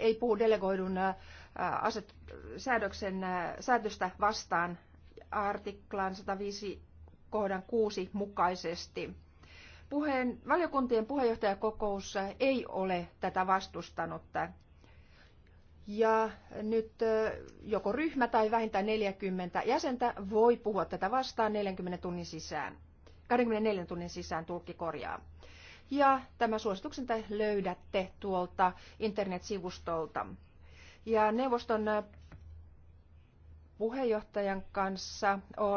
ei puhu delegoidun aset, säädöksen, säädöstä vastaan artiklan 105 kohdan 6 mukaisesti. Puheen, valiokuntien puheenjohtajakokous ei ole tätä vastustanut. Ja nyt joko ryhmä tai vähintään 40 jäsentä voi puhua tätä vastaan 40 tunnin sisään. 24 tunnin sisään tulkki korjaa. Ja tämä suosituksen te löydätte tuolta internetsivustolta. Ja neuvoston äh, puheenjohtajan kanssa olen